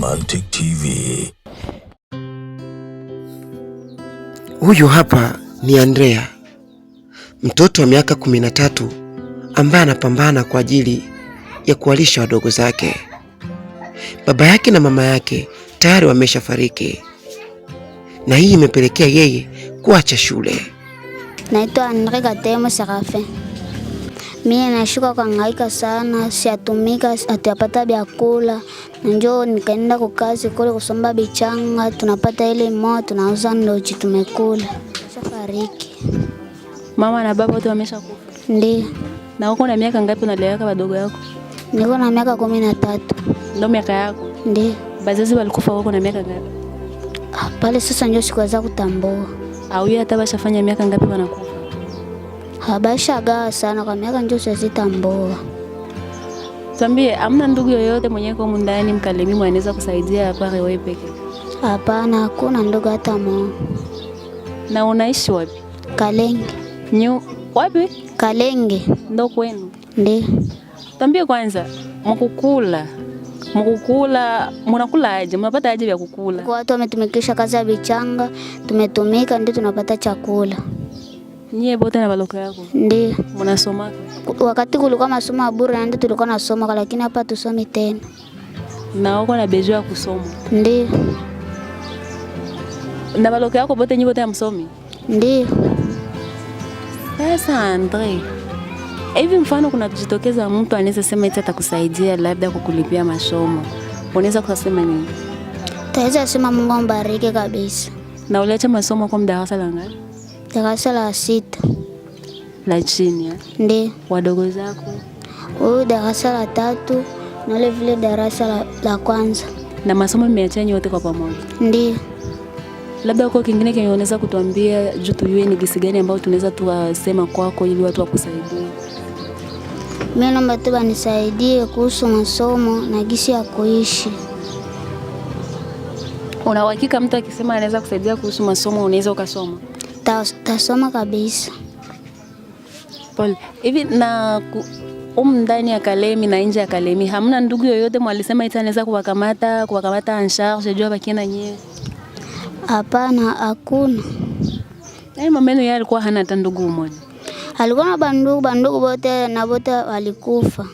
Mantic TV. Huyu hapa ni Andrea, mtoto wa miaka kumi na tatu ambaye anapambana kwa ajili ya kuwalisha wadogo zake. Baba yake na mama yake tayari wameshafariki, na hii imepelekea yeye kuacha shule. Naitwa Andre Gatemo Serafe mimi nashuka kuangaika sana, siatumika atapata vyakula, njo nikaenda kukazi kule kusomba bichanga, tunapata ile moto tunauza ndochi tumekula. safariki. mama na baba wote kufa? Ndio. Na uko na miaka ngapi unaleweka wadogo yako? Niko na miaka kumi na tatu. Ndio miaka yako? Ndio. Bazazi walikufa wako na miaka ngapi? Ah, pale sasa ndio sikuweza kutambua. Au yeye hata washafanya miaka ngapi wanakufa? habashagawa sana kwa miaka njo sazitambua Tuambie, amna ndugu yoyote mwenye kwa mundani mkalemi mwaneza kusaidia apare wewe peke? Hapana, hakuna ndugu hata mo Na unaishi wapi? Kalenge. Nyu wapi? Kalenge. Ndo kwenu? Ndio. Tuambie kwanza, mkukula mkukula mnakula aje? Mnapata aje vya kukula? Kwa watu wametumikisha kazi ya bichanga, tumetumika ndio tunapata chakula. Nyie bote na baloko yako? Ndiyo. Mnasoma? Wakati kulikuwa masomo ya bure ndio tulikuwa nasoma, lakini hapa tusomi tena. Na wako na besoin ya kusoma? Ndiyo. Na baloko yako bote nyie bote msomi? Ndiyo. Sasa Andre, hivi mfano kuna kujitokeza mtu anaweza sema eti atakusaidia labda kukulipia masomo, unaweza kusema nini? Taweza sema Mungu ambariki kabisa. Na uliacha masomo kwa muda wa ngapi? darasa la sita la chini. Eh? ndi wadogo zako huyu darasa la tatu na vile darasa la, la kwanza. na masomo mmeachana yote kwa pamoja? Ndio. Labda kwa kingine kenye unaweza kutuambia juu tujue ni gisi gani ambayo tunaweza tuwasema kwako ili watu wakusaidie? Mimi naomba tu banisaidie kuhusu masomo na gisi ya kuishi. unawakika mtu akisema anaweza kusaidia kuhusu masomo unaweza ukasoma? tasoma kabisa. Pole. Hivi na umu ndani ya Kalemi na nje ya Kalemi hamna ndugu yoyote mwalisema ita anaweza kuwakamata kuwakamata en charge jua bakie na nyewe? Hapana, hakuna. Hey, yaani mama yenu alikuwa hana hata ndugu mmoja? Alikuwa na bandugu, bandugu bote na bote walikufa.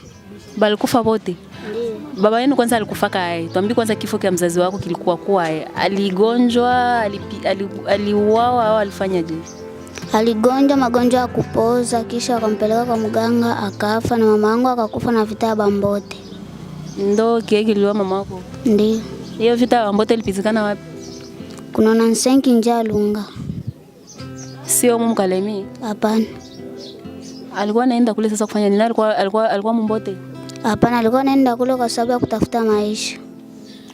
Balikufa bote? baba yenu kwanza alikufa kae, tuambi kwanza kifo kia mzazi wako kilikuwa kwae, aligonjwa aliuawa au alifanyaje? Aligonjwa magonjwa ya kupoza, kisha wakampeleka kwa mganga akafa, na mama yangu akakufa na vita ya Bambote. Ndo kie kiliua mama wako? Ndio. Hiyo vita ya Bambote ilipizikana wapi? Kuna nansenki nja Lunga, sio mumkalemi? Hapana. Alikuwa naenda kule sasa kufanya nini? Alikuwa alikuwa alikuwa Hapana, alikuwa anaenda kule kwa sababu ya kutafuta maisha.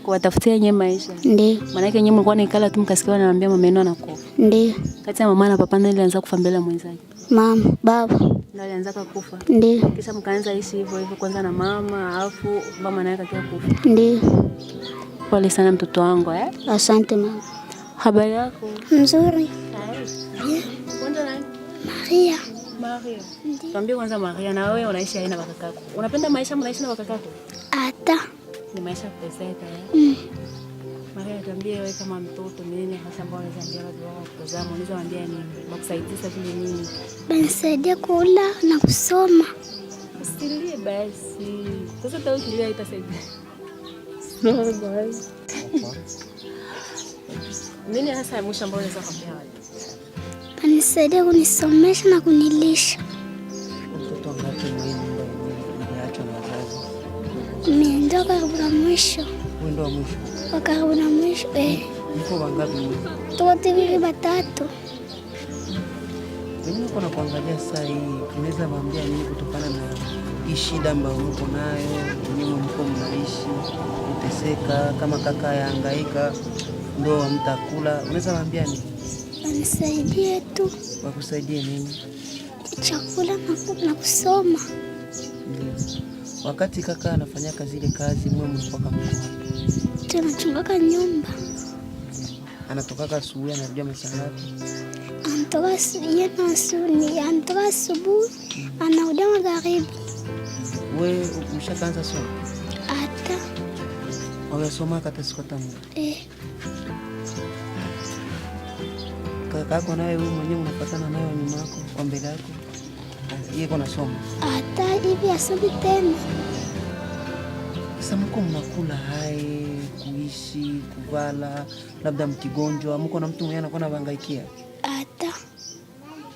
Kuwatafutia yeye maisha. Ndio. Maana yake yeye mlikuwa anaikala tu mkasikia anaambia mama yenu anakufa. Ndio. Kati ya mama na papa ndio alianza kufa mbele ya mwenzake. Mama, baba. Ndio alianza kufa. Ndio. Kisha mkaanza ishi hivyo hivyo kwanza na mama, alafu mama naye akakia kufa. Ndio. Pole sana mtoto wangu eh? Asante mama. Habari yako? Nzuri. Kwanza nani? Maria. Maria. Tuambie kwanza Maria, na wewe unaishi aina wakakako. Unapenda maisha mnaishi na wakakako? Hata. Ni maisha pesa eh? Mm. Maria, tuambie wewe kama mtoto nini hasa ambao unaweza ambia watu wako kuzama? unaweza waambia nini? Wakusaidie vile nini? Banisaidia kula na kusoma. Usilie basi. Sasa tao kilia itasaidia. No, guys. Nini hasa mwisho ambao unaweza kuambia watu? anisaidia kunisomesha na kunilisha. Mimi ndo karibu na mwisho, wa karibu na mwisho tukotivivi eh. batatu Niko na kuangalia saa hii, unaweza mwambia nini kutokana na hii shida ambayo uko nayo, nyinyi mko mnaishi kuteseka, kama kaka yahangaika, ndo mtakula, unaweza mwambia nini? wanisaidie tu. Wakusaidie nini? Chakula na kusoma. Ndiyo. Wakati kaka anafanyaka zile kazi, mwe mlipaka anachungaka nyumba. Anatokaka asubuhi, anarudia masaa ngapi? Anatoka asubuhi anarudia magharibi. We umshakaanza soma? Hata awasomaka hata Eh kakako nawe wewe mwenyewe unafuatana nayo nyuma yako kwa mbele yako yeko nasoma hata hivi asomi tena. Sasa mko mnakula hai kuishi kuvala, labda mkigonjwa mko na mtu mwenyewe anakuwa navangaikia hata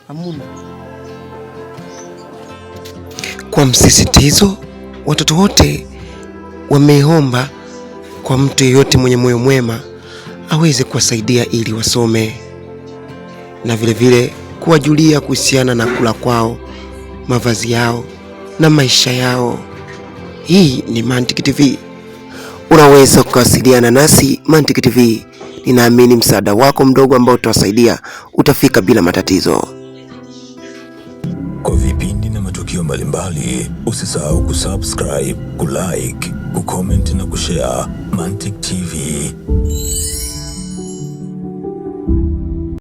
hamuna. Kwa msisitizo, watoto wote wameomba kwa mtu yeyote mwenye moyo mwema aweze kuwasaidia ili wasome na vilevile kuwajulia kuhusiana na kula kwao, mavazi yao na maisha yao. Hii ni Mantiki TV. Unaweza kuwasiliana nasi Mantiki TV. Ninaamini msaada wako mdogo ambao utawasaidia utafika bila matatizo. Kwa vipindi na matukio mbalimbali, usisahau kusubscribe, kulike, kucomment na kushare Mantiki TV.